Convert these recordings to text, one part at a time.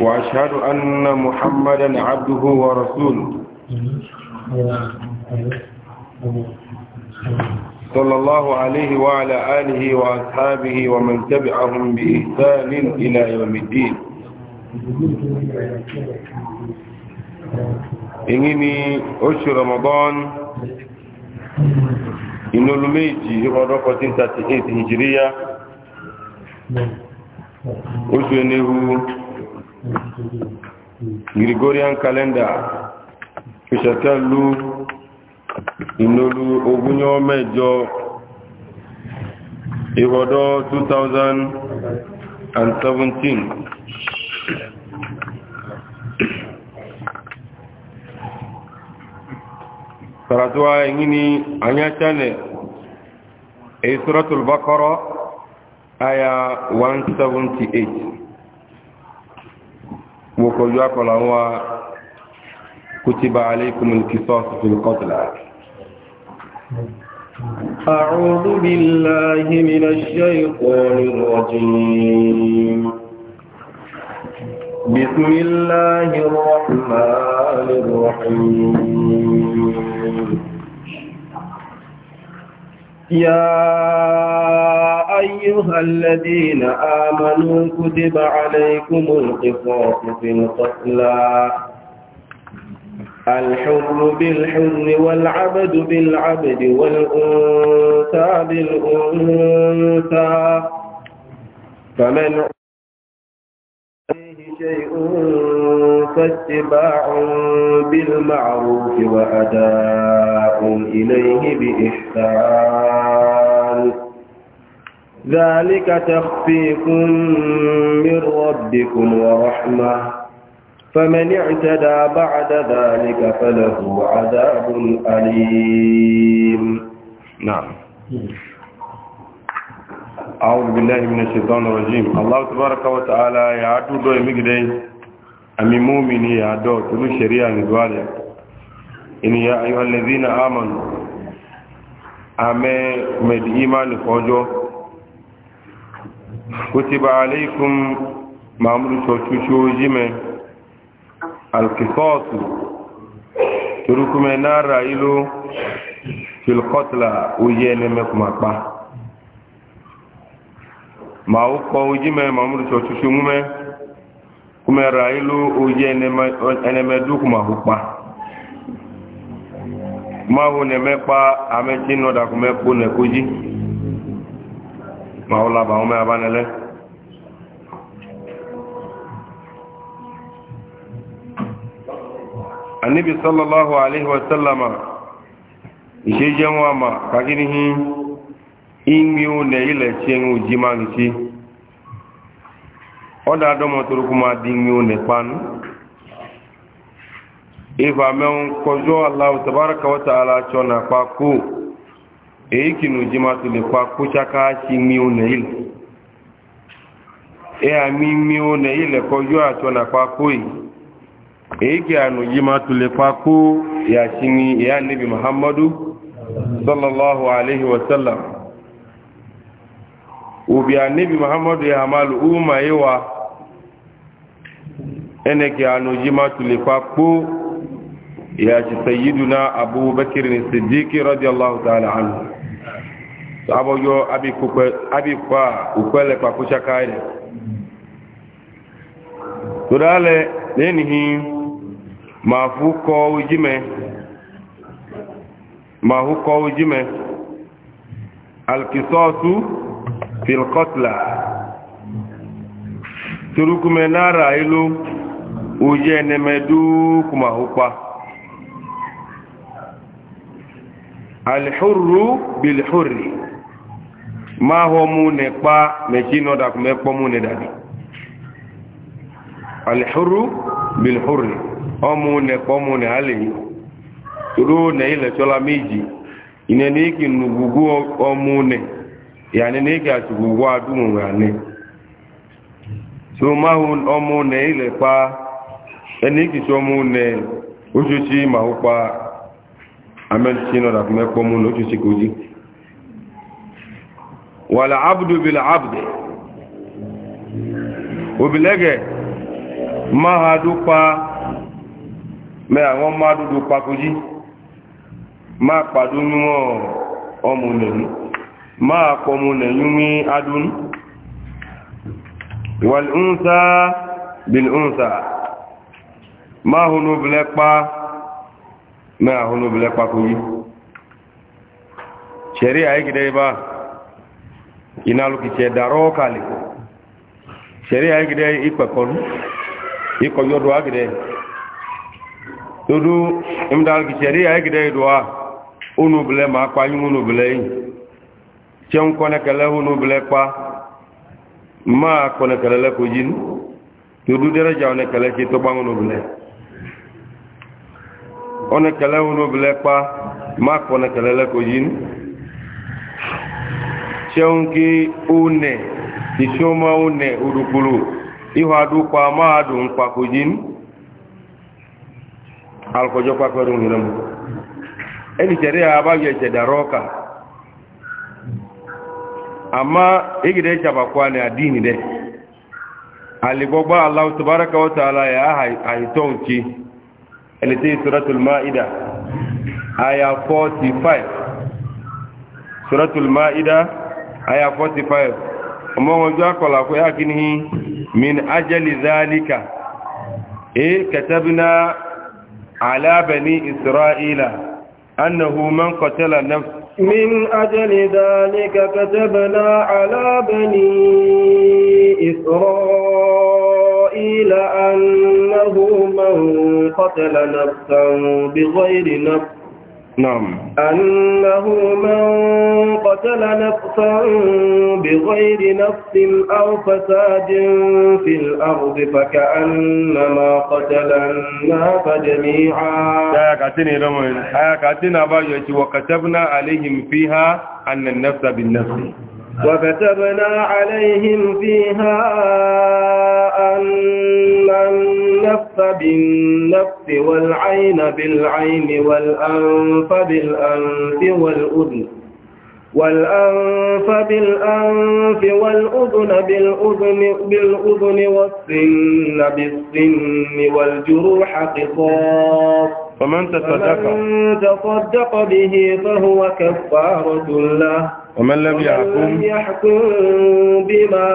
وأشهد أن محمدا عبده ورسوله صلى الله عليه وعلى آله وأصحابه ومن تبعهم بإحسان إلى يوم الدين إنني أشهر رمضان إنه لميجي يغرق 1938 هجرية أشهر Gregorian calendar ìṣẹ̀kẹ́lú ìnolú ogúnyọ́ mẹ́jọ ìwọ̀dọ́ 2017 karatuwa yi ni an ya cane a suratul bakara aya 178 mokoju akɔla wa kutiba aleikum alkisas fi lkotla أعوذ بالله من الشيطان الرجيم بسم الله الرحمن الرحيم يا أيها الذين آمنوا كتب عليكم القصاص في القتلى الحر بالحر والعبد بالعبد والأنثى بالأنثى فمن عليه شيء فاتباع بالمعروف وأداء إليه بإحسان ذلك تخفيف من ربكم ورحمة فمن اعتدى بعد ذلك فله عذاب أليم نعم أعوذ بالله من الشيطان الرجيم الله تبارك وتعالى يعدو دوي مقدين أمي مؤمني يا دو تلو شريعة ندوالي إن يا أيها الذين آمنوا أمي مد إيمان فوجو كتب عليكم معمول شوشوشو جمع القصاص تركم نار إلو في القتلى وينمكم أكبر ما أقوى جمع معمول شوشوشو ممه kumera ilu oye eneme dukuma hukpa ma hu ne mekpa ameti noda kuma ekpo ne ma ọ laba ume abanele anibi sallallahu alaihi wasallama ise je ma ma kaginihi imi une ile chi enwe uji ma ọdá dọ́mọ̀ tó rúkú máa di ní òní pánú ìfà mẹ́un kọjọ́ aláwọ̀ tàbárakà wata aláṣọ na pàkó èyí kì nù jí máa tó lè pàkó ṣáká sí ní òní ilẹ̀ ẹ àmì kọjọ́ àṣọ na pàkó èyí kì jí máa tó lè pàkó yàṣí ní ìyá níbi muhammadu sallallahu alaihi wasallam obi a nebi muhammadu ya hamalu umma yi wa eneke anujima tulifa kpo ya ci sayyiduna abubakar ne siddiqi radiyallahu ta'ala anhu so abojo abi kukwe abi kwa ukwele kwa kushakaire tudale nenihi mafuko ujime mafuko ujime alkisosu fil qatla turukumenara ilu ojú ẹnẹmẹ dúkùmà húpa alìhúrú bìlìhúrì máa hó mú nẹ pa mẹ́kí náà dàkù mẹ́pọ́ mú nẹ dàbí alìhúrú bìlìhúrì ọmú nẹ pọ́ mú nẹ alìyí ró nẹ ilẹ̀ tọ́lá méjì ìnẹ̀ ní kí nùgbùgbù ọmú nẹ ìyàní ní kí àtùgbùgbù adúmù rà ní máa hó ọmú nẹ ilẹ̀ pa ẹni kì mú nẹ ma ó pa amẹ́lìsí náà dàbí mẹ́kọ́ mú ní ojúṣí kò jí wà láàbùdó bí òbílẹ́gẹ̀ máa dó pa mẹ́ àwọn máa dúdú pa kò jí máa pàdó níwọ̀n ọmọ nẹ̀yún máa pọ̀ mú nẹ̀yún ní adún wà ní ń sá máa hùnú bilẹ̀ pa máa hùnú bilẹ̀ pa kò yí ṣẹ̀rí àyíkìdẹ́ ibá ìnálùkìtì ẹ̀dàrọ́ kàlẹ̀ ṣẹ̀rí àyíkìdẹ́ ìpẹ̀kọ̀lú ikọ̀yọ́dọ̀ àgìdẹ́ dodo ìmúdàlùkìtì ẹ̀rí àyíkìdẹ́ ìdọ̀wà hùnú bilẹ̀ máa pa yín hùnú bilẹ̀ yìí ṣe ń kọ́nẹ́kẹ̀lẹ́ hùnú bilẹ̀ pa máa kọ́nẹ́kẹ̀lẹ́ lẹ́kọ̀ọ́ yìí dodo dẹ́rẹ́jà ọ̀nẹ́kẹ̀lẹ́ ṣe tó gbáhùnú bilẹ̀ one kele wo nobile kpa ma kpɔ ne kele le ko yin tseŋu ke one titio ma one oɖukulu ihɔ aɖu kpa ma aɖu ŋkpa ko yin alukɔdzɔ kpa kpe ɖo ŋu ɖe mu ɛni tse ɖe aba yɔ tse da rɔ ka ama egi ɖe dzaba kɔ ne adiini ɖe aligbɔgba alawu tabaraka wa taala ya aha ahitɔ ŋtsi ẹni tí suratul ma'ida 45 suratul ma'ida aya 45 ọmọ wọn jọ akọ̀lá kó yá kí ní min ajali zalika e katabna ala bani isra'ila annahu man qatala nafs من أجل ذلك كتبنا على بني إسرائيل إسرائيل أنه من قتل نفسا بغير نفس نعم أنه من قتل نفسا بغير نفس أو فساد في الأرض فكأنما قتل الناس جميعا آياتنا لمن آياتنا باية وكتبنا عليهم فيها أن النفس بالنفس وكتبنا عليهم فيها أن النفس بالنفس والعين بالعين والأنف بالأنف والأذن والأنف بالأنف والأذن بالأذن, بالأذن والسن بالسن والجروح قصاص فمن تصدق, فمن تصدق به فهو كفارة له ومن لم يحكم بما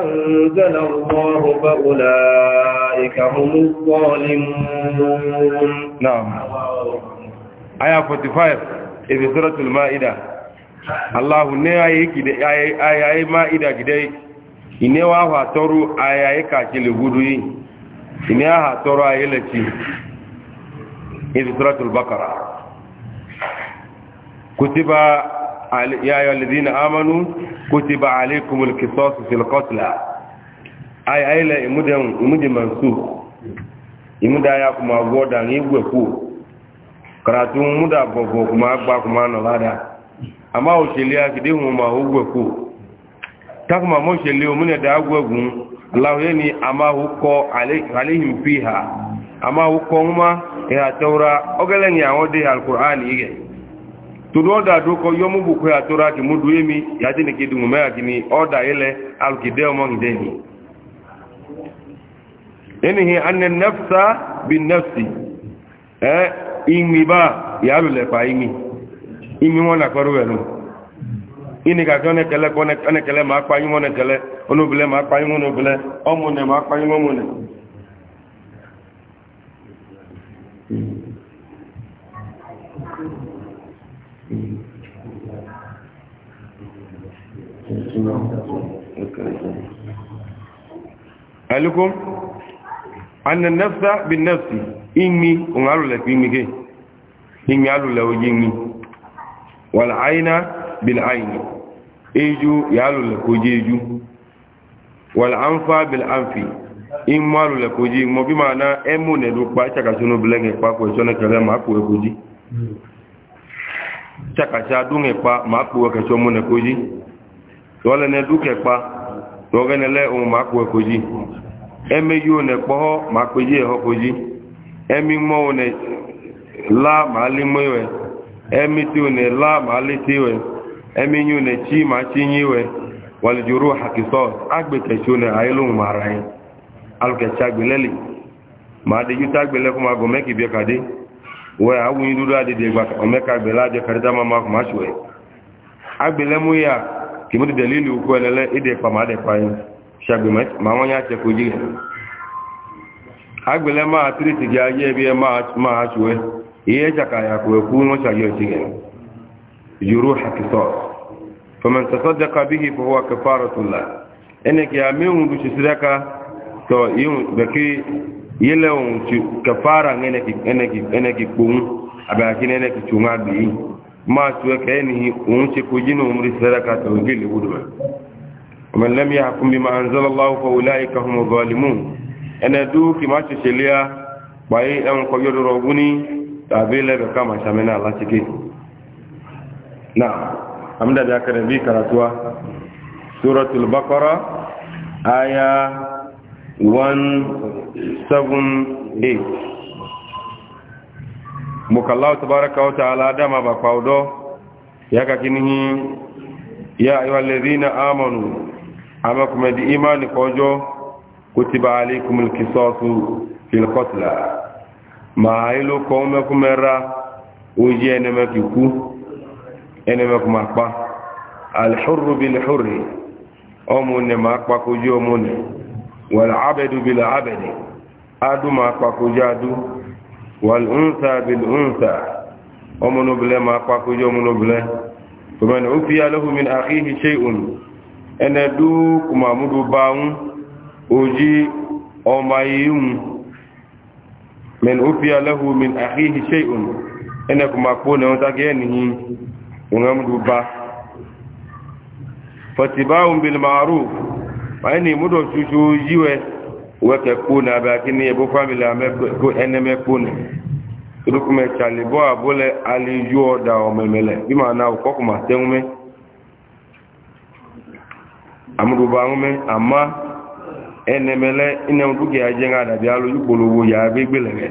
أنزل الله فأولئك هم الظالمون نعم آية 45 إذ سورة المائدة الله نعيه آية مائدة كده إنه هو ترو آية كاتل غدوي إنه هو ترو آية لتي إذ سورة البقرة كتب يا أيها الذين آمنوا كتب عليكم القصاص في القتلى أي أي لا يمد منسوخ يمد أياكم أبودا يبوكو karatu muda bobo kuma agba kuma na lada amma o shele akide mu ma o gbeku ta kuma mo shele o da agwegun allah yani ama tụrụ ọda dụkọ yọmụ bụkwe atụrụ akị mụdụ emi ya dị nke dị mume akị ọda ile alkide ọmọgide ni enihi anne nafsa bi nafsi eh imi ba ya lule pa imi imi wọn na kọrọ wẹnu ini ka kí ọnẹkẹlẹ kọ ọnẹkẹlẹ ma akpanyi wọn ọnẹkẹlẹ ọnọbìlẹ ma akpanyi wọn ọnọbìlẹ ọmọnẹ ma akpanyi wọn ọmọnẹ alikum anna nafsa bin nafsi inni on alule fi mi ke inni alule oji mi wal aina bil aini eju ya alule koji eju wal anfa bil anfi in mo alule koji mo bi ma na emu ne do pa chaka sunu blenge pa ko so na togenele ohun ma kwe koji emeji one kpoho ma kpeji eho koji emi mo one la ma li mowe emi ti one la ma li tiwe emi nyu ne chi ma chi nyiwe wal juruha qisas agbe ke chune ailu marai al ke chagbeleli ma de yuta gbele ko ma go meki bi kade we awun dudu ade de gba o meka gbele ade karita mama ko ma agbele mu ya kìmú ti dị ukú ẹlẹ́lẹ́ ìdè pàmàdẹ̀pàáyìn ma dị yá tẹ́kù jí rẹ̀ agbèlẹ́ ya tírìtì jẹ́ ayé ẹbí ẹ máa ṣùwẹ́ iye ṣàkàyàkù ẹkú wọ́n ṣàyọ̀ jí rẹ̀ yòrò àkìsọ́ fọmọ̀tẹ̀sọ́ dẹ́ka bí i dị ka tó la ẹni tọ ما توكينه ومشك جنهم رسالك توجيل ودما ومن لم يحكم بما أنزل الله فأولئك هم الظالمون أنا دوك ما تشليا باي أن قيود روغني تابيلا بكما شمنا الله تكي نعم أمدا ذكر بي كراتوا سورة البقرة آية 178 mukallahu tabaraka wa ta'ala dama ba kwaudo yaka kinihi ya ayyuhalladhina amanu ama kuma bi imani kojo kutiba alaykumul qisasu fil qatla ma ilu kuma kumera uje ne makiku ene makuma pa al hurru bil hurri omun ma pa kojo omun wal abdu bil abdi adu ma pa والأنثى بالأنثى ومن بلا ما قاكو جو من بلا فمن عفي له من أخيه شيء أنا دوك ما مدباون أجي أمايون من عفي له من أخيه شيء أنا كما كون أنتاجينه ونمدبا فتباع بالمعروف فأني مدو شوشو جيوه wẹ́kẹ̀ kpóni abẹ́ akíní ẹbú fámìlì amẹ́kó ẹnẹ́mẹ́ kpóni ìdókùnmẹ́ tsalibọ́ àbólẹ̀ aliyu ọ̀dà ọ̀mẹ̀mẹ̀lẹ̀ bí màá na ọ̀kọ́kùnmá tẹ́wọ́mẹ́ amúdùbọ̀ ahọ́mẹ́ àmá ẹnẹ́mẹ́lẹ́ ìnẹ́mùdúkẹ́ ajẹ́ ńlá dàbí alójú polówó yà á gbégbé lẹ́mẹ́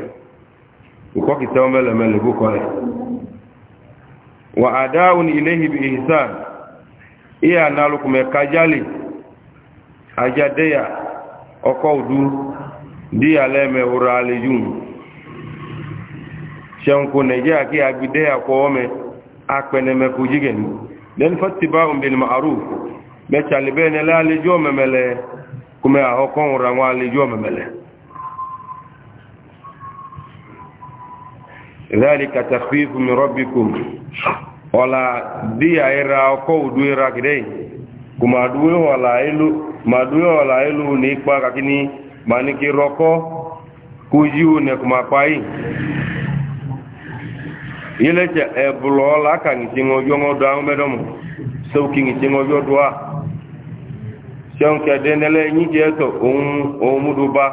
ọ̀kọ́kì tẹ́wọ́mẹ́lẹ́mẹ́lẹ́ bó kọ́lẹ̀ wà àdáhùn ilé ibi ìhìsàn ìyá àná alùkùnmẹ́ kájálì ajadeya ọkọ̀ òdú dí alẹ́mẹ̀ òrò alẹ́yùn ṣẹunkù nàìjíríà kí agbidé àkọ́ ọmọ apẹnẹmẹ kò jígẹ̀ ní fọ́tíbá òmìnir ma'aru mẹ́tàlẹ́bẹ́ alẹ́jọ́ mẹ́mẹ́lẹ́ kúmẹ́ àkọ́kọ́ òrò ذلك تخفيف من ربكم ولا دي ايرا kò máa dúró ọ̀la ìlú máa dúró ọ̀la ìlú ní ipa kàkí ní ma ní kí rọ́kọ́ kó yí ó ní ẹkùn máa páyì ilẹ̀kẹ̀ ẹ̀bùlọ̀ ọ̀la kàní tí wọ́n yọ́ ọdọ́ àwọn mẹ́dọ̀mù sókè ní tí wọ́n yọ́ ọdọ́ à ẹ̀tọ̀ òun múdú bá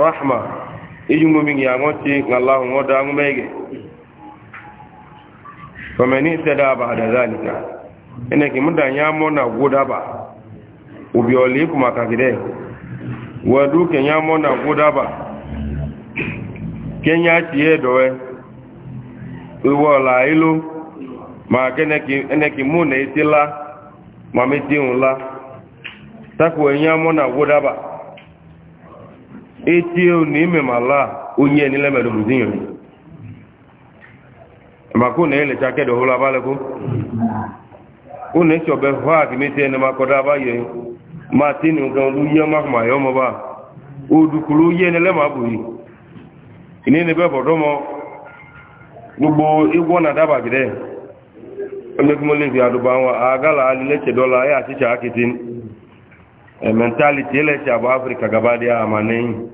rahma ijungu mingi yango ci ngallahu ngoda ngumege famani tada ba'da zalika ene ki munda nyamo na guda ba ubioli kuma kakide wadu ke nyamo na guda ba kenya ci edowe uwo la ilu ma kene ki ene ki mune itila mamiti unla takwe nyamo na guda ba etie na imemala onye ni lemedo luzinyo mako na ele chake do hola bale ko une cho be hwa ki na makoda ba ye martin nga lunya ma ma yo mo ba odukulu ye ne le ma bu yi ine ne be bodo mo gbogbo igwo na daba gide ebe ki mo le fi aduba wa agala ali leche dola ya chicha akitin e mentality leche abo africa gabadia amane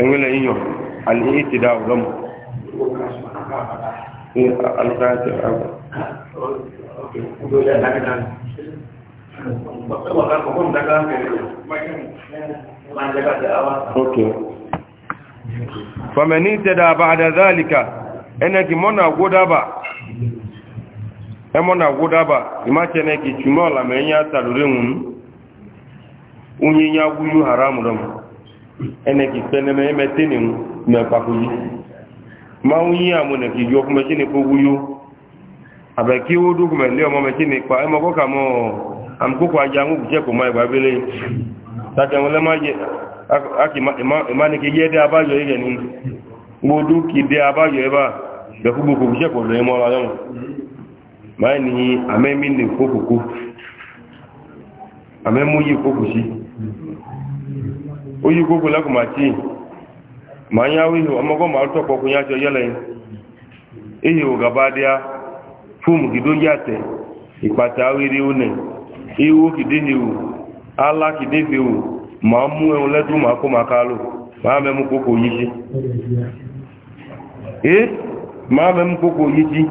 enwele inyo alihiti da ugamu alikaati abu okay famani ba ba'da zalika enaki mona ba emona godaba e imache neki chumola menya unyi unyinya guyu haramu domo ẹnẹkì pẹnẹmẹ ẹmẹtẹ ni mẹpàkó yìí máa ń yí àwọn ẹnẹkì yọ ọkùnmẹ sí ni kó wúyó àbẹ kí ó dúkùnmẹ lé ọmọ mẹ sí ni pa ẹmọ kọkà mọ àmukókò ajé àwọn òkùnjẹ kò má ìgbà abẹlé tàbí àwọn ẹlẹmọ ayé àti ìmánike yẹ dé abáyọ yẹ ni gbódú kì dé abáyọ yẹ bá bẹkú gbogbo òkùnjẹ kò lóye mọ ọlọrun máa ní àmẹmí ní kókòkó àmẹmú yìí kókò sí. oyi gbogbo lẹ́kùn máa ma ń yáwó ihò ọmọgọ́ máa tọ́ pọ̀kù ya jọ gaba ihò gàbá díá fóòmù kìdó yàtẹ̀ ìpàtà awéré ónẹ̀ ihò kìdé ala alá kìdé ihò ma ń mú ẹun lẹ́dún máa kó máa kálò máa mẹ́mú kókò yí sí eh mụ mẹ́mú kókò yi sí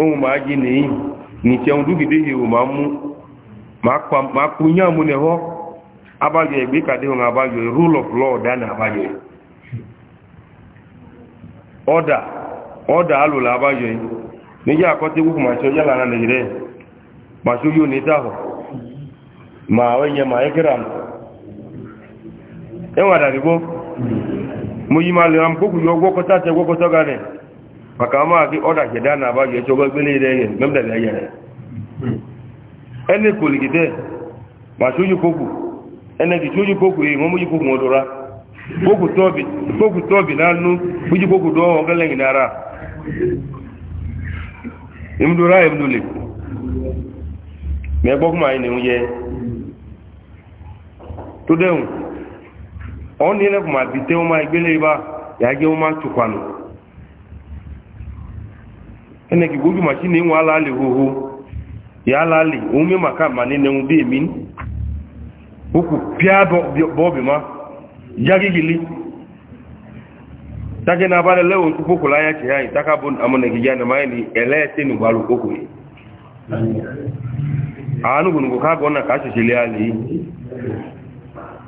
ohun ma jí nìyí mú kú abajo egbe ka dị ụmụ abajo rule of law da na abajo ọda ọda alụla abajo n'iji akọta egwu ma chọ yala na nigeria ma chọ yi onita ahụ ma onye ma ekere m enwadaribo mo yi ma lè am kókù yọ gwọkọta tẹ gwọkọta gani maka ma fi ọda ṣẹda na abajo ẹjọ gbẹgbẹlẹ ẹyẹ mẹmdẹlẹ ẹyẹ ẹni kòlìkìtẹ ma chọ yi kókù ẹnẹ́dì tí ó yí gbogbo èèyàn mú yí gbogbo wọn lọ́ra gbogbo tọ́ọ̀bì náà nú mú yí gbogbo dọ́wọ́ ọgẹ́lẹ́yìn náà ìmúdúrà ìmúdúlè mẹ́gbọ́gbọ́n àyìn nìyẹn tó dẹ́hùn ọ́n ní ẹlẹ́kùn àbí tẹ́ wọ́n máa ìgbélé ibá yàgé wọ́n máa tukwanù ẹnẹ́kì gbójú màṣí ní wọn alálè huku pia bobi ma jagigili take na bale leo huku la yake hai takabun amone kijana maini elete ni balu huku hii anu gunungu kago na kashi shiliali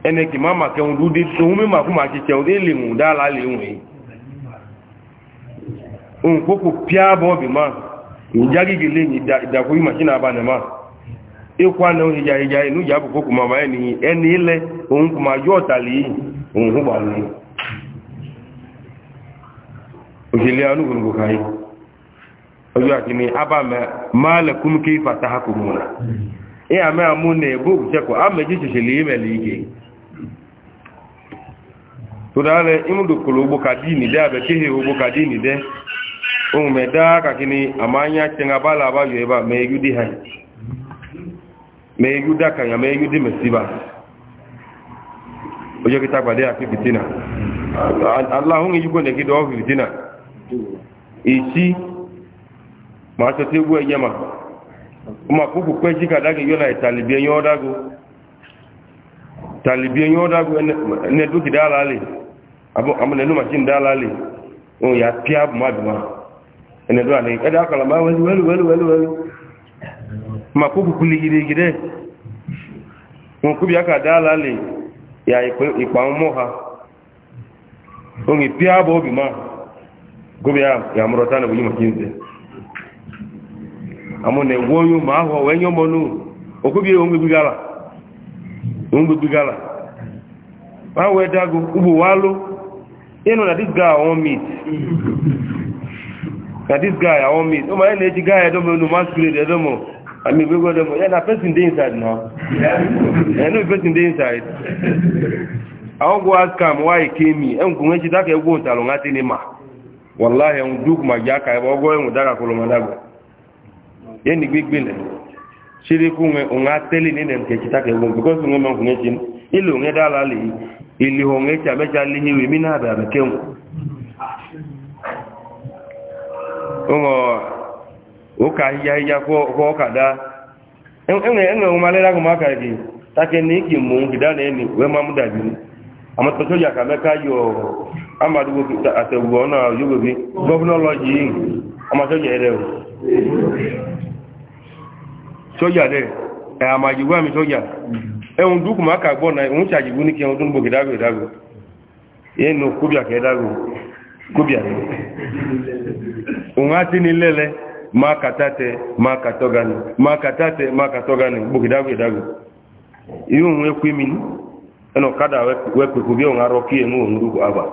ene kimama ke undudi tumi makuma kiche udili mudala li unwe un huku pia bobi ma njagigili ni dakuima china abane ma ịkwa na ohi inu jari n'uji abụkwa okwu ma banye n'ihi eni ile ohun kuma jụ otali iyi ohun hụ gbara n'ihi òṣèlè anúgbòrògbò káyé ọjọ́ àti ní abàmẹ́ máa lẹ̀kún kí fàtà ha kò múra ní àmẹ́ àmú ní ẹ̀bọ́ òkùnṣẹ́kọ̀ àmẹ́jì ṣòṣèlè ìmẹ̀lẹ̀ ike tó dáálẹ̀ ìmúdòkòrò ogbó kàdínì dẹ́ àbẹ̀kéhè ogbó ohun daka ya mẹ́yẹ́gú dí mẹ́síbà ojú kí tagbàdé àfi fìtínà aláhùn ìyúgbò nẹ̀kí dọ́wọ́ fìtínà ìsí ma isi tí ó gbó ẹyẹ ma ma kúkú pẹ́ sí kàdágì yọ́nà ìtàlìbí ẹyẹ ọ́dágó tàlìbí ẹyẹ ọ́dágó ẹnẹ dúkì dáàlá lè amúnẹ̀lú màṣín dáàlá lè òun yà pí àbùmá àbùmá ẹnẹ dúrà lè ẹdá kàlàmá wẹ́lú wẹ́lú wẹ́lú wẹ́lú ma kó kùkù lè gidi gidi wọn kú bí a kà dáàlá lè yà ha ohun ìpí ààbò obì máa gómi ya mọ́rọ̀ tánà wòye mọ̀kí ǹzẹ̀ àmọ́ nẹ̀ wọ́nyún máa họ̀ wẹ́nyọ́ mọ́nú bí gala gala na dis guy na dis guy o ma ẹ̀ na eji guy ẹ̀dọ́mọ̀ ẹnu masquerade ẹ̀dọ́mọ̀ I mean, we were the, yeah, the person day inside now. Yeah, no person day inside. I won't go ask him why he came here. I'm going to take a boat along at any ma. Wallahi, I'm duk my jack. I will go and with that. Kolomadago. Any big bill. Shiri kunge unga teli ni nem kechi take won because unga man kunge chin ilu nge cha da ụka ahịhịa ahịhịa kwụọ ọka daa enwere enwemalịra agụ maka gị take na iki gida na eni wee ma mụda gị amatasoja ka meka yi amadugo na yogo gị gọvanọ lọji ere soja de ẹ e ami soja ẹhun gbọ na ẹhun ṣàjìgbó kẹ ma katate ma katogani ma katate ma katogani bukidagu idagu iyu nwe kwimin eno kada we kwekubi on aro ki enu ondugu aba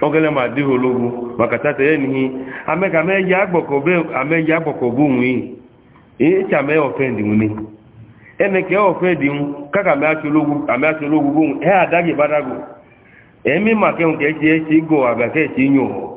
ogele ma di holugu ma katate enihi ameka me ya gboko be ame ya gboko bu nwi e cha me ofendi nwi ene ke ofendi un kaka me achologu ame achologu bu e adagi badagu emi ma ke un ke ti e ti go aga ke ti nyu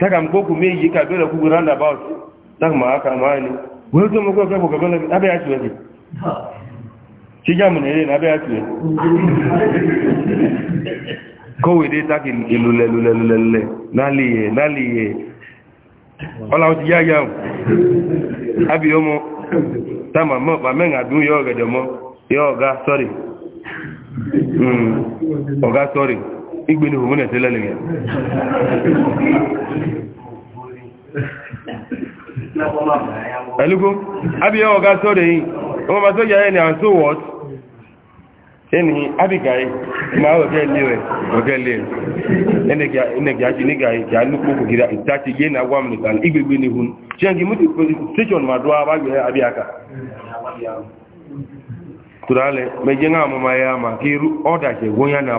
taka mkoku meji kabela kugu roundabout taka maaka amani wewe kama kwa kwa kabela abe achwe sijamu nele na abe achwe ko we de taki ilule lule lule lule naliye naliye ola oti ya ya abi omo tama mo ba menga du yo gedomo sorry mm oga sorry igbeni òun na tẹ́lẹ̀ lè yẹn ẹlúgbó abíyẹ́ ọ̀gá sọ́dẹ̀ yìí ọmọ bá sọ́jà ẹni àwọn so what ẹni abígáyé ma ọ̀gẹ́ ilé rẹ̀ ọ̀gẹ́ ilé rẹ̀ ẹnẹ̀gì àti nígáyé kí gíra ìtàtí yé na wàm nìkan igbègbè ní hun ṣẹ́ngi mú ti station ma dọ́ abágbẹ̀ abíyàkà tùrálẹ̀ mẹjẹ́ ń àmọ́ máa yá ma kí na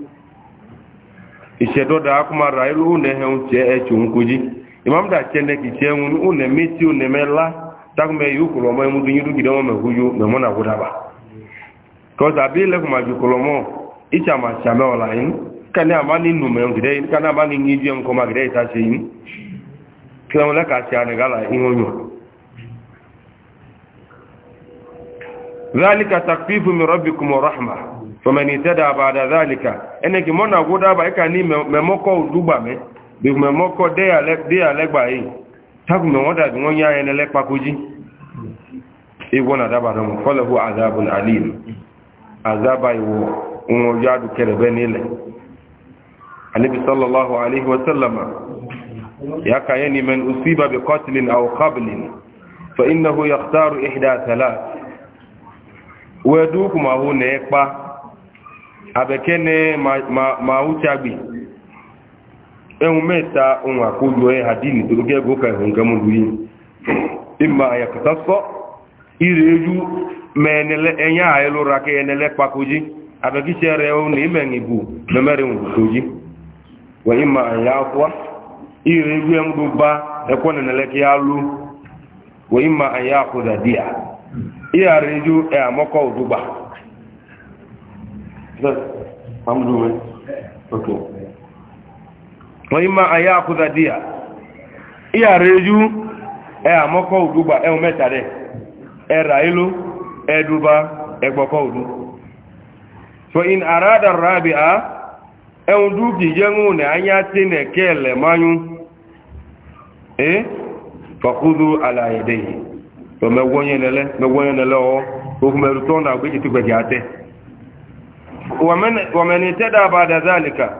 ìṣẹ̀dọ́dà da irú unẹ̀hẹ̀un tí ẹ ṣe òun kojí imam da tí ẹun unẹ̀ méjì unẹ̀ mẹ́lá tákùnmẹ́ yóò kùrọ̀ ọmọ ẹmúdú yín dúkìdá wọn mẹ́kúyó mẹ́mọ́nà kúdàbà kọ́sà bí lẹ́kùnmọ̀ àjò kọlọ́mọ́ ìṣàmà ṣàmẹ́ ọ̀la yín kánẹ́ ma ní nù mẹ́rin kìdẹ́ yín kánẹ́ àmá ní yín jẹ́ nǹkan máa gide ìta ṣe yín kí wọn ذلك تخفيف من ربكم ورحمه فمن اهتدى بعد ذلك انك منا غدا با كاني مموكو دوبا مي بي مموكو دي على دي على باي تاكو مي ودا دي وان يا ان لپا كوجي اي ونا دابا دم فله عذاب عليم عذاب يو ومو يادو كربني له النبي صلى الله عليه وسلم يا كاين من اصيب بقتل او قبل فانه يختار احدى ثلاث ودوكما هو نيبا abekene ma wuchagbi ehun meta ohun akoju e hadini to ge nke kan e hun gamu duyi ịma ya katasso eju menele enya ayelo aka enele pakoji abeki sere o ni mengibu memere hun toji wa imma ya neleke ya I'm doing eh? okay ayé àkúzà díà ìyà rẹ̀ yú ẹ àmọ́kọ́ òdúgbà ẹun mẹ́ta rẹ̀ ẹ̀rà ilú ẹ̀dùbà ẹgbọ̀kọ́ òdú so in àrádà rábì á ẹun dúkì anyá tí kẹ́ẹ̀lẹ̀ fọkúdú wamene teda baada dhalika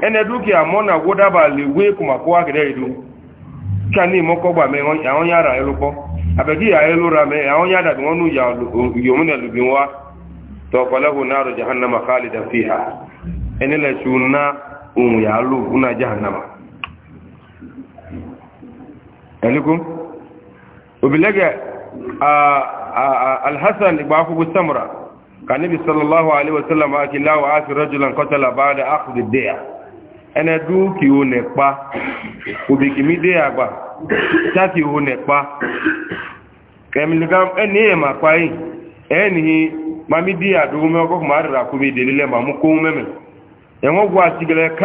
ene duki amona goda ba lewe kuma kwa kidedu kani moko ba me on ya on yara elupo abegi ya elura me ya on yada bi wonu ya yomuna lubin wa to falahu naru jahannama khalidan fiha ene al-hasan ba ka nebitala la ah l wtala m ak l wo ak rogula nkotelbụ -enye ma kpe a meọgụ a a r akwubi dele ma m kụo ume enwegwụ a k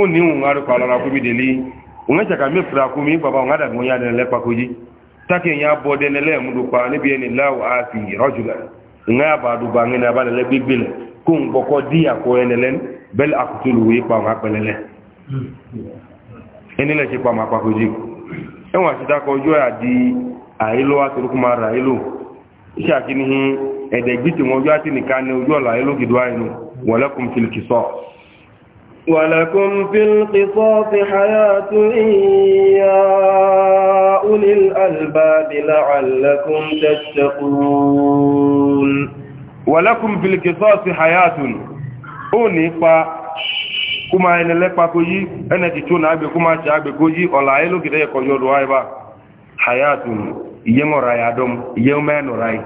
un wụ narụkwla na akwub deli wecha ka epụrụ akwume ịgbagba nwada bụ onye ada lekpaku ji taki nye bụ dl m rukpa nebiya na ele w aki oula nga badu bangi na bana le bigbile kun di dia ko enelen bel aqtulu wi pa ma pelele enele ti pa ma pa koji e wa ti da ko jo ya di ailo wa turu kuma ra ilo isa kini ede gbiti won jo ati ojo la gidwa walakum fil qisas ولكم في القصاص حياة يا أولي الألباب لعلكم تتقون ولكم في القصاص حياة أوني فا kuma enele kpako yi ene kicho na agbe kuma cha agbe ko yi ola elo gide ko yodo ai ba hayatun yengo raya dom yemeno rai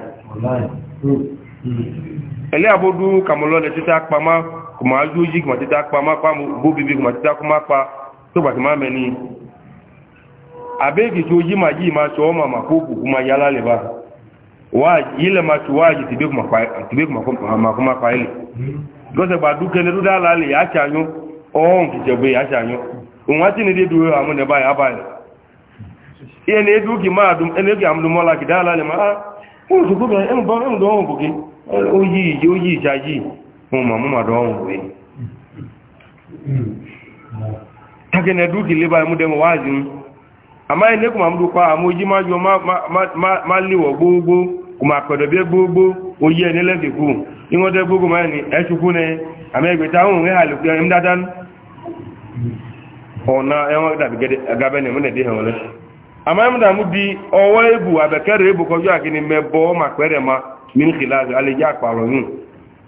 ele abodu kamolo le tita pama kuma ajoji kuma tita kpa ma kpa kuma tita kuma kpa to ma meni ma ji ma so ma ma ko kuma yala le ba wa yile ma tu waji tibe kuma tibe kuma kuma ma kuma kpa ile gose ba du du le ya o nki je ya chanyo un wati ni de du ne ba ya ba ene ki mola ki la ma o su be ba do on ki o o ụmụ amụmadụ ọnwụ wee take na duki liba mu dem wazin amma e ne kuma mu kwa amoji ma jo ma ma ma liwo gbogbo kuma kodo be gbogbo oye ne le fi ku inwo de gbogbo ma ni e chuku ne ame e gbe ta hun re halu ke im dadan ona e won da bigede agabe ne mu ne de he ama amma e mu da mu di owo ebu abekere ebu ko jo akini mebo ma pere ma min khilaz ale ja pa lo yun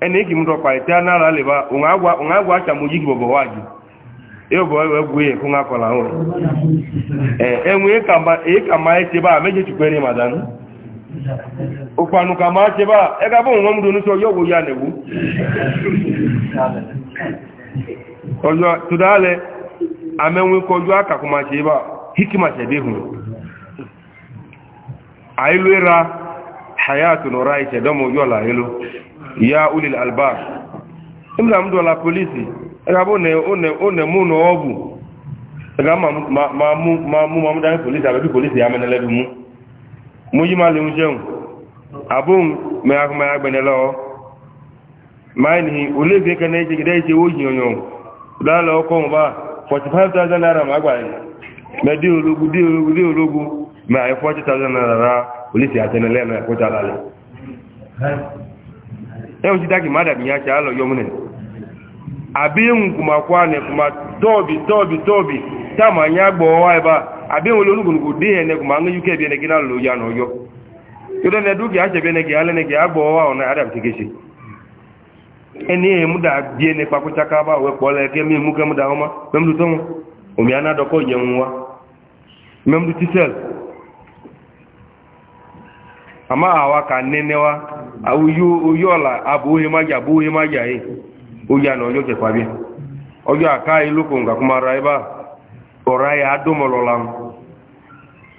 ene eki mtu kwalete na lale ba ungagwa ungagwa acha mujiki bobo waji eh, yo bo we guye kunga kola ho eh enwe kamba e kama ete ba meje tukwere madan ukwanu kama ete ba e ga bo ngom dunu so yogo ya nebu ojo tudale ya ulil albab na mdu ala polisi gabo ne one one na ga ma ma ma mu ma mu ma mu dan polisi abi polisi ya mena lebi mu mu yi ma le unjeun abun me ak ma agbene lo maini ulege kana je gidai je oji onyo da lo ba 45000 naira ma gba me di ologbu di ologu di 40000 naira polisi atenele na ko ta ẹ̀hùn ti dákì má dàbí yáṣẹ́ àlọ́ yọmúnẹ̀ àbíhùn kùmàkwá nẹ kùmà tọ́ọ̀bì tọ́ọ̀bì tọ́ọ̀bì táàmà yá gbọ́ wá ẹbá àbíhùn olóògùnkù dé ẹ̀nẹ kùmà ń yúkẹ́ bí ẹnẹgí náà ló yá nà ọyọ́ yóò dẹ́nẹ na àṣẹbí ẹnẹgí alẹ́nẹgí àgbọ̀ ama awa ka nenewa awuyu oyola abuhe maja abuhe maja e oya na ojo kepa bi ojo aka iluko nga kuma raiba oraya adomolola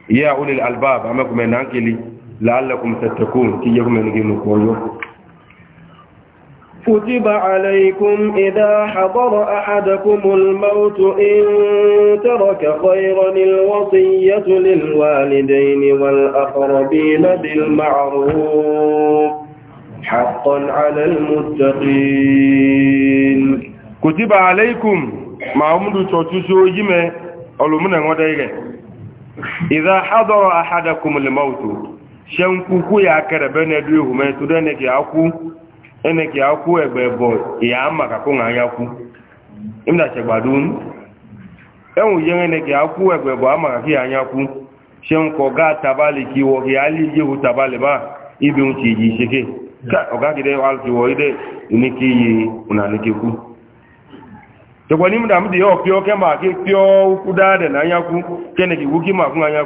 ya ulil albab amakum nankili la'allakum tattaqun kiyakum nginu koyo كتب عليكم إذا حضر أحدكم الموت إن ترك خيرا الوصية للوالدين والأقربين بالمعروف حقا على المتقين كتب عليكم ما أمدو تشوشو يمي أولمنا ودايغي إذا حضر أحدكم الموت شنكوكو يا كربنا ديهما تدنك يا أكو ene akụ aku egbe bo ya ama ka anya nga ya ku imda che gbadun ehun ye ene ki aku ama anya ku se ga tabali ki wo ki ali ye tabali ibi ti yi una ni ki ku to gwani mda mdi yo ma ki pio anya ku kene ki ma ku anya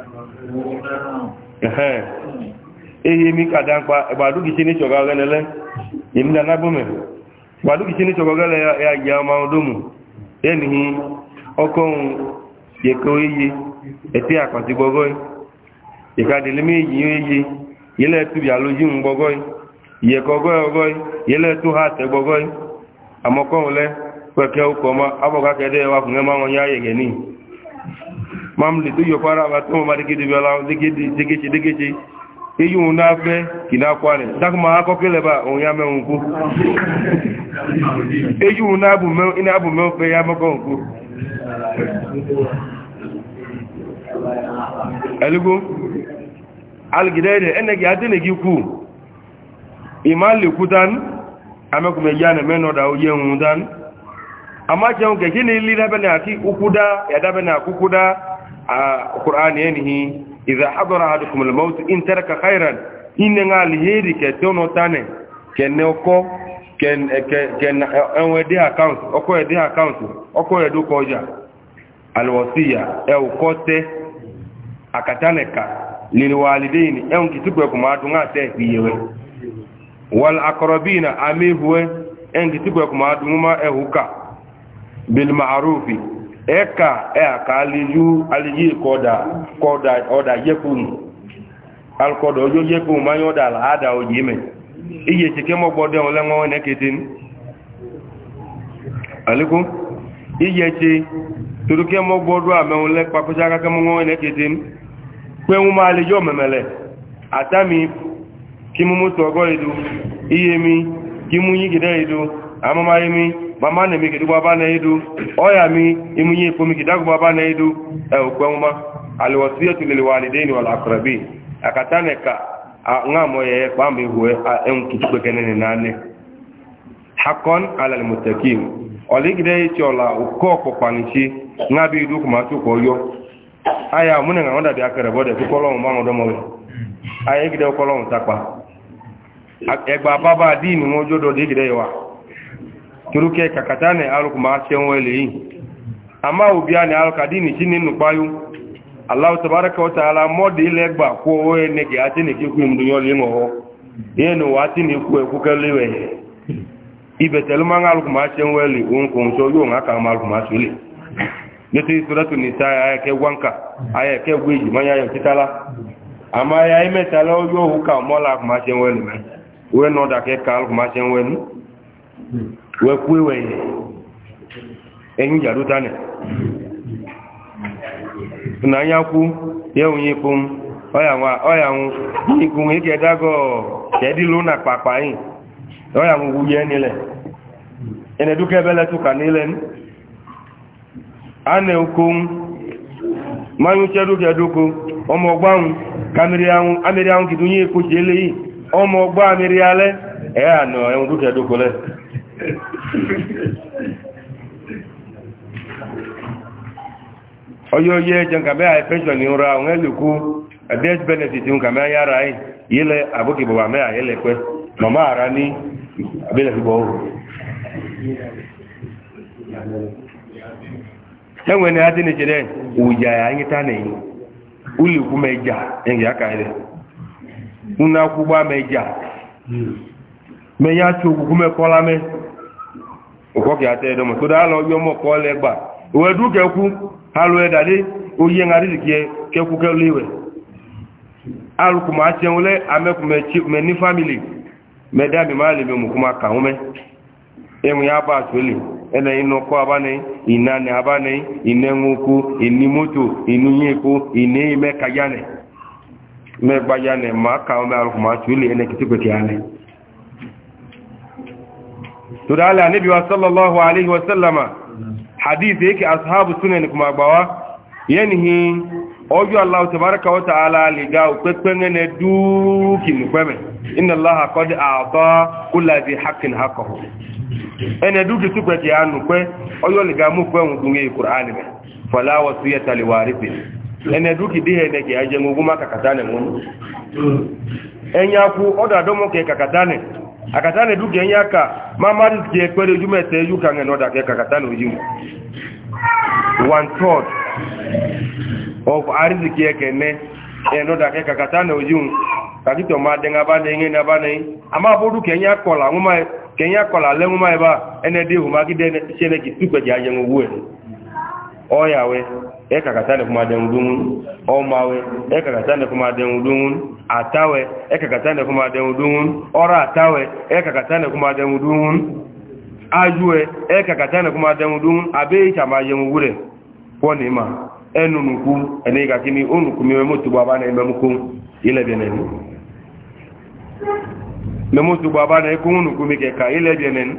ehi emi ka da mkpa gbadu gishi ni choga galele yemi da nabume gbadu gishi ni choga galele ya ya ma odomu enihi okon ye ko yi eti akanti gbogoi ye ka de lemi yi yi ye le tu ya loji un gbogoi ye ko goi ogoi ye le ha te gbogoi amokon le peke ukoma aboka kede wa fun e ma won ya ye geni mamle tó yọ fara wa tó ma dégédé bí ọlá dégéṣe dégéṣe eyí òun náà fẹ́ kì rẹ̀ dákùnmọ́ akọ́kẹ́lẹ̀ bá òun yá mẹ́rùn kú eyí òun náà bù mẹ́rùn fẹ́ yá mọ́kọ́ kú ẹlúgbó alìgìdẹ́ rẹ̀ ẹnẹ́gì kú ìmá lè kú amẹ́kùnmẹ̀ yá nẹ̀ mẹ́nọ́dà ó òun kẹ̀kí ní kúkúdá a ƙur'an yanihi idan hadara hadukum al-maut in taraka khairan inna alheri ke tono tane ken ko ken ken enwe di account oko e di account oko e du koja alwasiya e ukote akataneka lil walidain en kitugwe kuma dunga te biyewe wal aqrabina amihwe en kitugwe kuma dunuma e huka bil ma'rufi eka eka aliju aliji koda koda oda yekun alkodo ma yo da ada ojime iye ti ke mo gbode on le won ne ketin aliku iye ti turu ke mo gbodo ame on le atami ki mu mu to iye mi yi mama ne mi kidugu baba na yidu oya mi imunye ko mi kidagu baba na yidu e okwemma alwasiyatu lilwalidain wal aqrabin akatane ka ngamo ye kwambe huwe en kitukwe kenene nane hakon ala almuttaqin oligide chola ukoko kwanichi ngabi du koyo aya mune ngonda bi akere bode ku kolon ma ngodo mo aya baba dini ngojodo digide wa turuke kakata ne aluku ma se won ele yi ama obi ani aluka dini chini nu payu allah tabaaraka wa ta'ala modi gba ku o ene ge ati ne kiku ndu yo le ngo wa wati ni ku e ku kelewe ibe telma aluku ma se won ele un ko so yo nga ka aluku ma so le nete suratu nisa aya ke wanka aya ke gweji yo ama ya imeta lo yo hu ka mola ma se won ele me we no da ke ka aluku ma se won ele wee kwuo iwe ihe enyi jaruta na ya onye ikwu m ọya nwụ ikwu nwee ike dago kedilu na kpakpa e yi ọya e e nwụ wuye nile ebele tuka nile a na-ekwu mmanụ chedukeduku ẹ̀wọ̀n ọjọ́ yẹ jẹun kàmẹ́ àìfẹ́sọ̀ ní ra àwọn ẹlùkú death benefit ń kàmẹ́ yára ẹ̀ yílẹ̀ àbókè bàbá mẹ́ àyẹ́lẹ̀ pẹ́ màmá ara ní abẹ́lẹ̀ fíbọ̀ oòrùn ẹwẹ̀ ni a ti ní ṣẹlẹ̀ òjà enyi nìyí ulùkú mekọla ụkọka ata edoma tụda ala oye mọkọla ịgba wee du kekwu alụ edadị oyi ṅarị dike kekwu kelu iwe alụkwuma achenwule amekwumeni famili medami mali memukuma kanwume enwe ya ba atụli ene inọkọ abani inani abani inenwukwu inimoto inunyeku ineime kayane ma kanwume alụkwuma atụli ene to da ala nabi wa sallallahu alaihi wa sallama hadith yake ashabu sunan kuma gbawa yanhi oju allah tabaraka wa ta'ala li ga pepen ne duki ni peme inna allah qad a'ta kulli dhi haqqin haqqahu ene duki tupe ti anu pe oyo li ga mu pe un dunge qur'an me fala wasiyata li warithi ene duki dihe ne ki aje nguma kakatane mun enya ku oda domo ke kakatane akata ne duke nya ka mama rizki ekwere ju mete ju ka nge noda kakata no ji one third of arizki ekene e noda ke kakata no ji kakito ma de ba de nge na ba ne ama bodu ke nya kola nguma ke nya kola le nguma ba ene de huma gide ne chene ki tukwe ja je nguwe oyawe eka katane kumaden udungun omawe eka katane kumaden udungun atawe eka katane kumaden udungun ora atawe eka katane kumaden udungun ajue eka katane kumaden udungun abei chamaje mugure kwoni ma e e n'uku, enunuku enika kimi unuku miwe mutu na embe muku ile bieneni memutu bwana ekunuku mikeka ile bieneni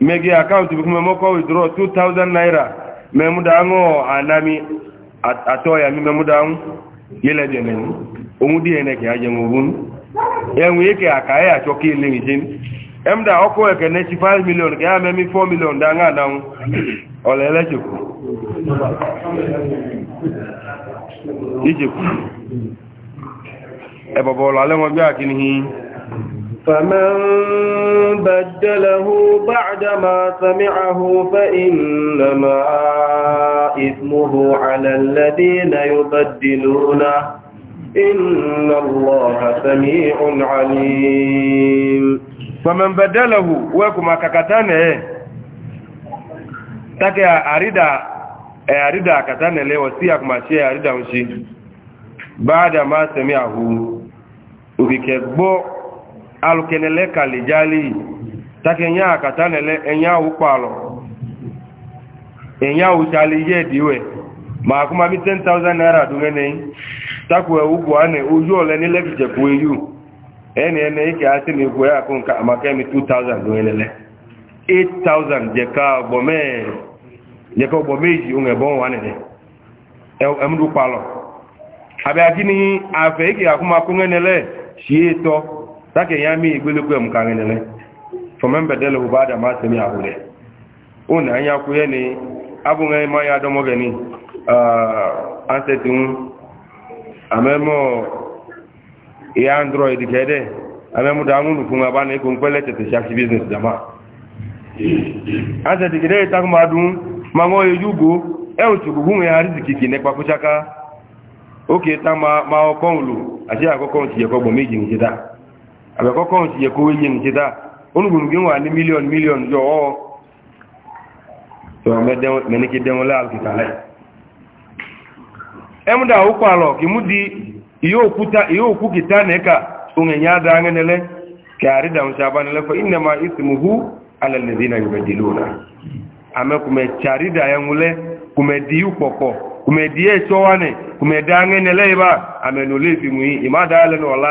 mege account bi kuma moko withdraw 2000 naira me mudango anami At, atoya mi me mudango yele jene omu di ene ke aje ngubun enwe yake akaye achoki lingi jin emda oko eke ne 5 million ke ame mi 4 million danga nawo olele chuku ijiku ebobo la le mo bi akini فمن بدله بعدما سمعه فإنما إثمه على الذين يبدلونه إن الله سميع عليم فمن بدله وكما ككتانه تكي أريد أريد كتانه لوسيك ما شيء أريد أمشي بعد ما سمعه وبكبه alùkẹnẹlẹ kàlìjálì tàkì ẹ̀yà àkàtánẹlẹ ẹ̀yà òpàlọ̀ ẹ̀yà òṣàlì yẹ́ ìdíwẹ̀ ma kúmà bí 10,000 naira dùn ẹni tàkù ẹ̀ ògbò ánẹ ojú ọ̀lẹ́ ní lẹ́kìtẹ̀kù eyú ẹni ẹni ikẹ̀ àti ní ìgbò ẹ̀kùn àmàkẹ́mi 2,000 dùn ẹni lẹ́ 8,000 jẹ́ka ọgbọ̀ méjì ohun ẹ̀bọ̀n wà kún ẹni ṣe é sake ya mi igbele kwe mkari nile fomen bedele ubada ma semi ahule una anya kuye ni abu ngai ma ya domo gani uh ah, ancestry un amemo ya android kede amemo da ngunu kuma ba na ikun pele tete shafi business jama ancestry kede ta kuma dun ma ngo yugo e o chugugun ya riziki ki ne pa kuchaka oke ta ma ma okonlu ati akoko ti je ko gbo meji ni da àbẹ̀kọ́kọ́ ti yẹ kó wéyẹ nìṣẹ́ dáa onígbòmùgbé wà ní mílíọ̀nù mílíọ̀nù yọ ọ́ tó mẹ́nìkì dẹ́wọ́n láàkìtà láì ẹmúdà òkú àlọ́ kì mú di ìyóòkú kìtà nẹ́ka ohun ẹ̀yà dáńgẹ́nẹ́lẹ́ kí àrídàun ṣàbánilẹ́fọ́ ìnàmà ìsìmùhú alẹ́lẹ́dínà ìbẹ̀dìlónà amẹ́kùnmẹ̀ ṣàrídà ẹ̀wúnlẹ́ kùmẹ̀dì ìpọ̀pọ̀ kùmẹ̀dì ẹ̀ṣọ́ wánì kùmẹ̀dì áńgẹ́nẹ́lẹ́ ibà àmẹ́nulé ìfìmù yìí ìmádàálẹ́nu ọ̀lá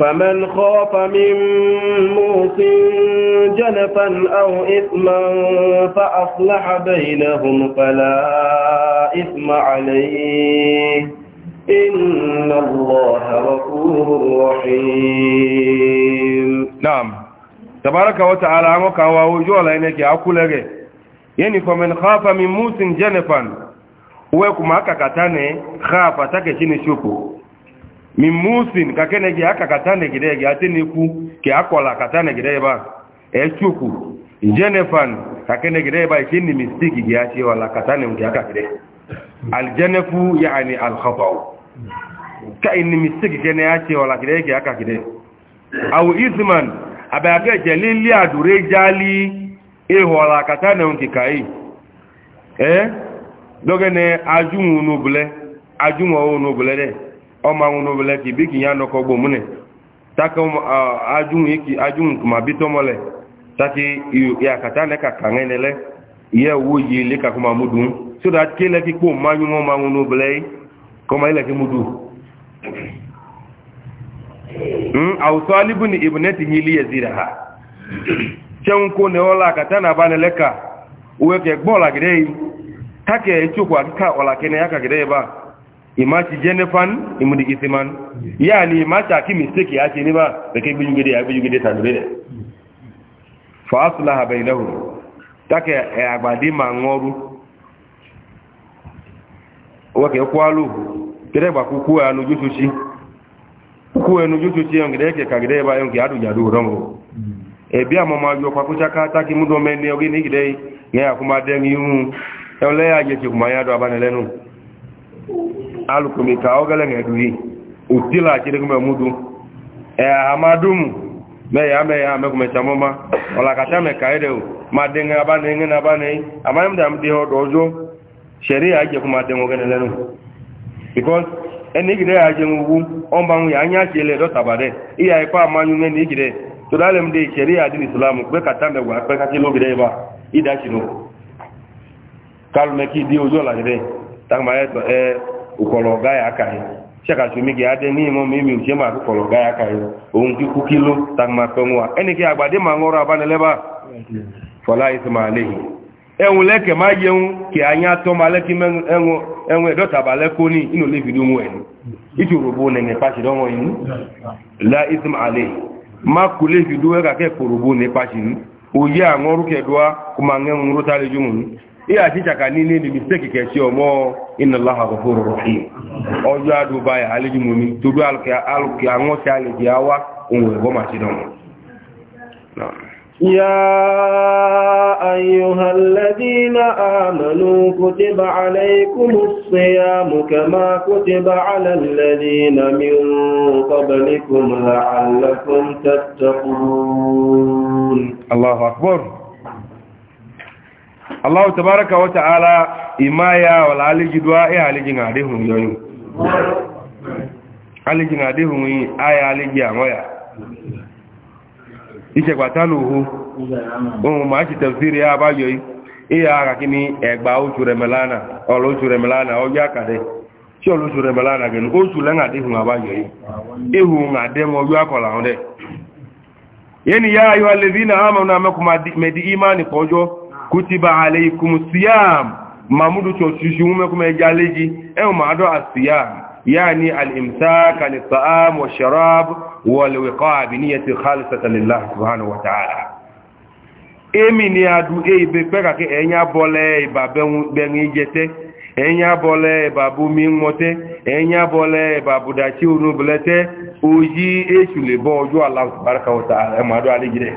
فمن خاف من موص جنفا أو إثما فأصلح بينهم فلا إثم عليه إن الله غفور رحيم نعم تبارك وتعالى عمك ووجوه لأنك أقول لك يعني فمن خاف من موص جنفا ويكما كتاني خاف تكشين شوفه min musin ka kene gi aka katane gide gi atini ku ke akola katane gide ba e chuku jenefan ka kene gide ba chini mistiki gi achi wala katane ngi aka gide al jenefu yani al khata ka inni mistiki kene achi wala gide gi aka gide au isman aba ga jalili adure jali e wala katane ngi kai eh dogene ajunu nubule ajunwo nubule de ọmanwụ n'obele ka ibi kinye anọkọ gbo mune taka ajụnwụ kuma bito mole taki ya kata ne ka kange nele iye wo yi le ka kuma mudu so da ke le ki po manyu mo manwụ n'obele kuma ile mudu kata na ka uwe ke gbola ka ola kene ya ka gidei ba imaci jenefan imudi isiman yani imaci aki mistake ya ce ni ba da kai bujin gida ya bujin gida tanure ne fa aslaha bainahu take e agbadi ma ngoru wake kwalu kire ba kuku ya no jutuci ku enu jutuci on gide ke kagide ba yon ki adu jadu rongo e bi amoma yo pa kucha ka taki mudo meni ogi ni gide ya kuma den yun e ole ya je ki kuma ya do abanelenu alùkùnmí ka ọ gẹ́lẹ̀ ẹ̀dù yìí òtílà àkírígúnmẹ̀ múdú ẹ̀hàmádùmù kata mẹ́yà mẹ́kùnmẹ̀sàmọ́má ọ̀làkàtà mẹ́kàẹ́dẹ̀ ò ma ọ abánẹ́yìn abánẹ́yìn abánẹ́mdàmdé ọdọ̀ ọjọ́ ṣẹ̀rí àjẹkùn ma dẹ̀ngẹ̀ ọgẹ́nẹ̀ lẹ́nu because ẹni ìgìdẹ̀ àjẹun owó ọmọ àwọn yà á yá ṣe lẹ̀ dọ́tàbàdẹ̀ ìyà ipá àmáyún ẹni ìgìdẹ̀ tó dálẹ́mdé ṣẹ̀rí àdínì ìsìlámù pé kàtà mẹ́wàá pẹ́ kátí lóbìdẹ̀ ibà ìdáṣìnà kálùmẹ́kì dí ojú ọ̀làjẹ̀dẹ̀ tàgbà ẹ̀ ụkọlọ gaghị aka ya gị adị n'ime ma ime uche ma akụkọlọ gaghị aka ya onwe kikwu kilo tagmape nwa enike agba dị ma ṅụrụ abaneleba fọlaismalehi enwule ke ma yenwu ka anya atọ ma leki enwe dọtaba lekoni inolivido nwe ichuru bụ na ịkpachiri ọnwa iwu la ism alehi ma kulevido ka ka ekporo bụ na ịkpachiri oyi a ṅụrụ kedua kuma ṅenwu rụtara iya ci chaka ni ne ni mistake ke ci omo inna allaha ghafurur rahim o ju adu bai aliju mumi to du alka alka ohun go ma ci don يا أيها الذين آمنوا كتب عليكم الصيام كما كتب على الذين من قبلكم لعلكم تتقون الله أكبر Allah tabaraka wa ta'ala imaya wal aliji dua, e aliji ngade hun yoyu aliji ngade hun aya aliji amoya ise patanu hu ohun ma ti tafsiri ya ba yoyi iya aka kini egba oju remelana olo oju remelana oju akade ti olo oju remelana gen oju le ngade hun aba yoyi ihu ngade mo oju akola hun de yeni ya ayu alladhina amanu amakum medi imani pojo kutiba alaykum siyam mamudu chochishi ume kumejaleji ew maado asiyam yani al-imsak al-ta'am wa sharab wal wiqa' bi niyyati khalisatan lillah subhanahu wa ta'ala emi ni adu e be peka ke enya bole ibabe bengi jete enya bole ibabu mi ngote enya bole ibabu dachi unu bulete oji esule bo ojo allah subhanahu wa ta'ala maado aligire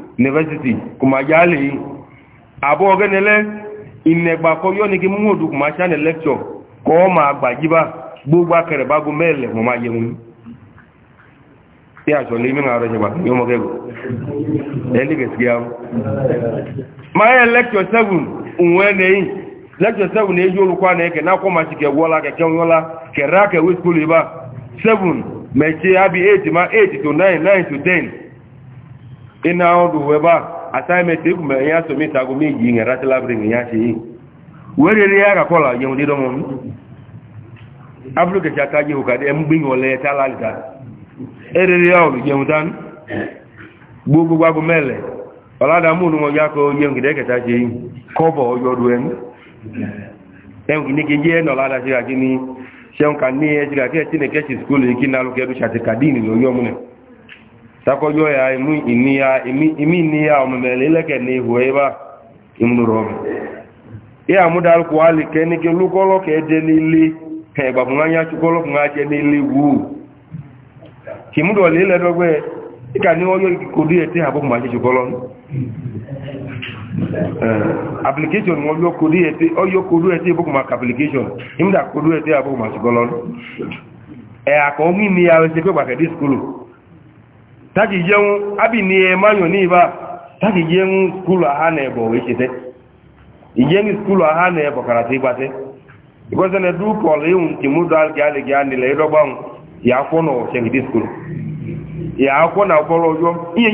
university kuma yale abo genele inegba ko yo ni ki mudu kuma chane lecture ko ma gbajiba gbogbo akere bago mele mo ma ti le mi ngaro yo mo eli ma ye lecture 7 unwe nei lecture 7 e na eke na kwa ma chike wola ke ke wola ke ra ke 7 abi 8 ma 8 to 9 9 10 ina ọdụ wee ba asaịmentị ekwumere ya so mita agụ meji ihe rachela bring ya chi wee rere ya ga kọla gị nwụdị dọmụ abụrụ kecha aka gị hụka dị mgbe ihe ole chala alita erere ya ọrụ gị nwụta gbogbo gbagụ mele ọlada mụ nụ ya ka onye ngide ekecha chi kọbọ ọjọ ruo ẹnwùn takojo ya imu iniya imi imi niya o mele leke ni hueba imuro e amudal ko ali keni ke lukolo ke de ni li he ba mu chukolo mu aje ni li wu kimudo le le dogwe ika ni oyo kodu ete abo mu aje chukolo eh application mo yo kodu ete oyo kodu ete abo mu application imda kodu ete abo mu chukolo e eh, akon ni ya o se ko ba ke di skulu taki jẹun abi ni ẹ máa yàn ní ìbá taki na skúlù àhá nà ẹ̀bọ̀ wèé ṣe tẹ́ ìjẹun skúlù àhá nà ẹ̀bọ̀ kàrà sí ipa tẹ́ ìgbọ́sẹ̀ nà dú kọ̀ọ̀lù ihun ti mú dọ́ alìkẹ́ alìkẹ́ anìlẹ̀ ìdọ́gbàhùn ìyá akọ́ nà ọ̀ṣẹ́ ìdí skúlù ìyá akọ́ nà ọkọ́ lọ́jọ́ ìyẹn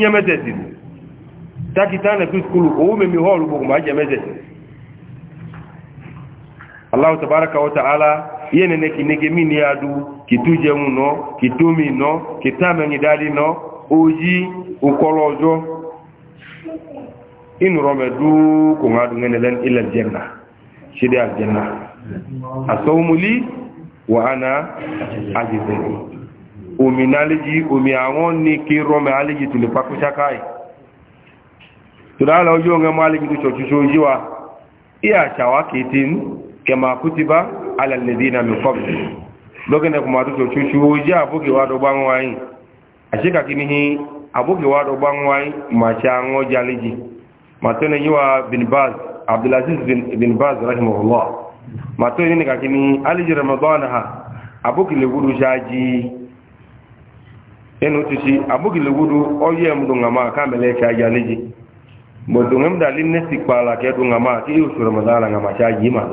yẹ tabaraka wa ta'ala oji ụkọlọ ọjọọ ịnụrọ medu ko nga dunga ne len ila aljanna shidi aljanna asawmu wa ana omi naliji omi àwọn ni ki rome aliji tuli kai tudala ojo nga maliki tu chochucho jiwa iya chawa kitin kama kutiba ala alladhina asika kini hi abuki wado bangwai macha ngoja liji matone yiwa bin baz abdulaziz bin, bin baz rahimahullah matone ni kini aliji ramadan ha abuki legudu shaji enu tusi abuki legudu oye mdu ngama kamele shaji aliji bodungem dalin ne sikpala ke ma ti usu ramadan ngama shaji ma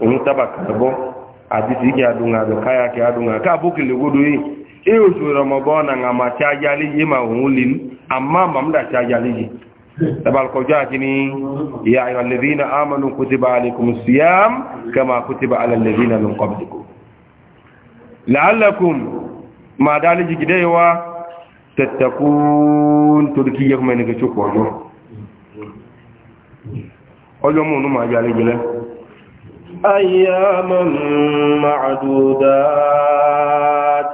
onu tabaka bo adisi ki adunga do kaya ki adunga ka abuki legudu yi e otu rọmọbọ́nà nga ma ti ajali yi ma òun lè ní àmá mamda ti ajali yi tabalkọjọ́ àti ní ya ayọ̀ lèzina amanu kutiba alaikum siyam kama kutiba ala lèzina lè kọ́bìtìkò la'allakum ma dali jigide yawa tattakun turki ya ni ga cikin ọjọ́ ọjọ́ mọ̀nú ma ajali gilẹ̀ ayyaman ma'adudat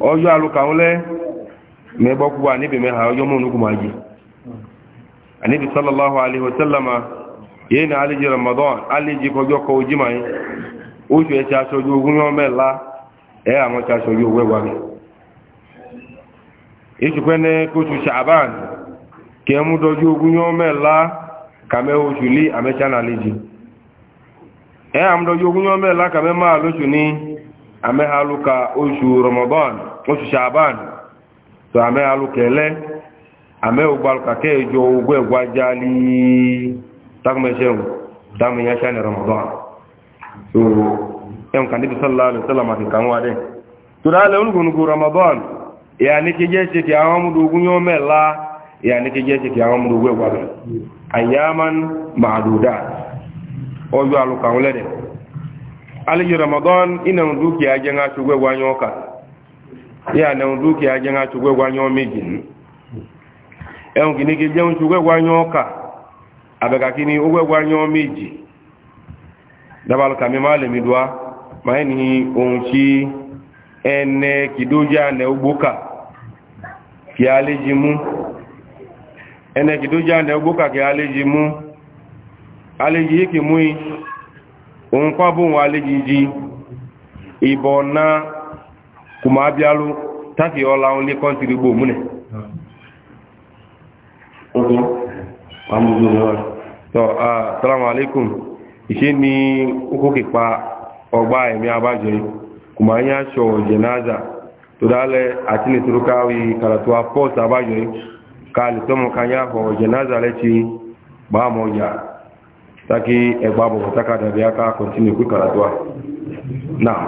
ọjọ́ alùkà ń lẹ́ mẹ́bọ́ kúwà níbi mẹ́ha ọjọ́ mọ́ onúkú máa àníbi sallallahu alaihi wasallama yìí na alìjì ramadan alìjì kọjọ́ kọ ojú ma oṣù ẹ̀ṣẹ́ aṣojú ogun yọ mẹ́la e àwọn ṣe aṣojú ogun yọ ní amẹ́hàlùkà oṣù ramadan oṣù shaban tó ramadan so ẹn kà níbi sallallahu alaihi wasallam àti kanwà dẹ̀ tó dáálẹ̀ olùgbònugbo ramadan ìyà ní jẹ́ ṣe kí àwọn ọmọdé ogun yóò mẹ́la ìyà ní jẹ́ ṣe kí àwọn ọmọdé ogun ẹgbà bẹ̀rẹ̀ àyàmán ọjọ́ aliji ramadan ina nduki aje nga chugwe gwa nyoka ya na nduki aje nga chugwe gwa nyomi jin eun kini ke jeun chugwe gwa nyoka abega kini ugwe gwa nyomi dabal kami male midwa maini onchi ene kiduja ne ubuka ki aliji mu ene kiduja ne ubuka ki aliji mu aliji hiki mui nkwa bụ nwa aligiji ibo na kuma abialu tafi ola only country gbo mune so assalamu alaikum ise ni uko kipa ogba emi abaje kuma anya so jenaza to dale atini turukawi karatu apo sabaje kali tomo kanya ho jenaza lechi ba ya taki ẹgbà bọ̀ taka dàbí aka continue quick and adua now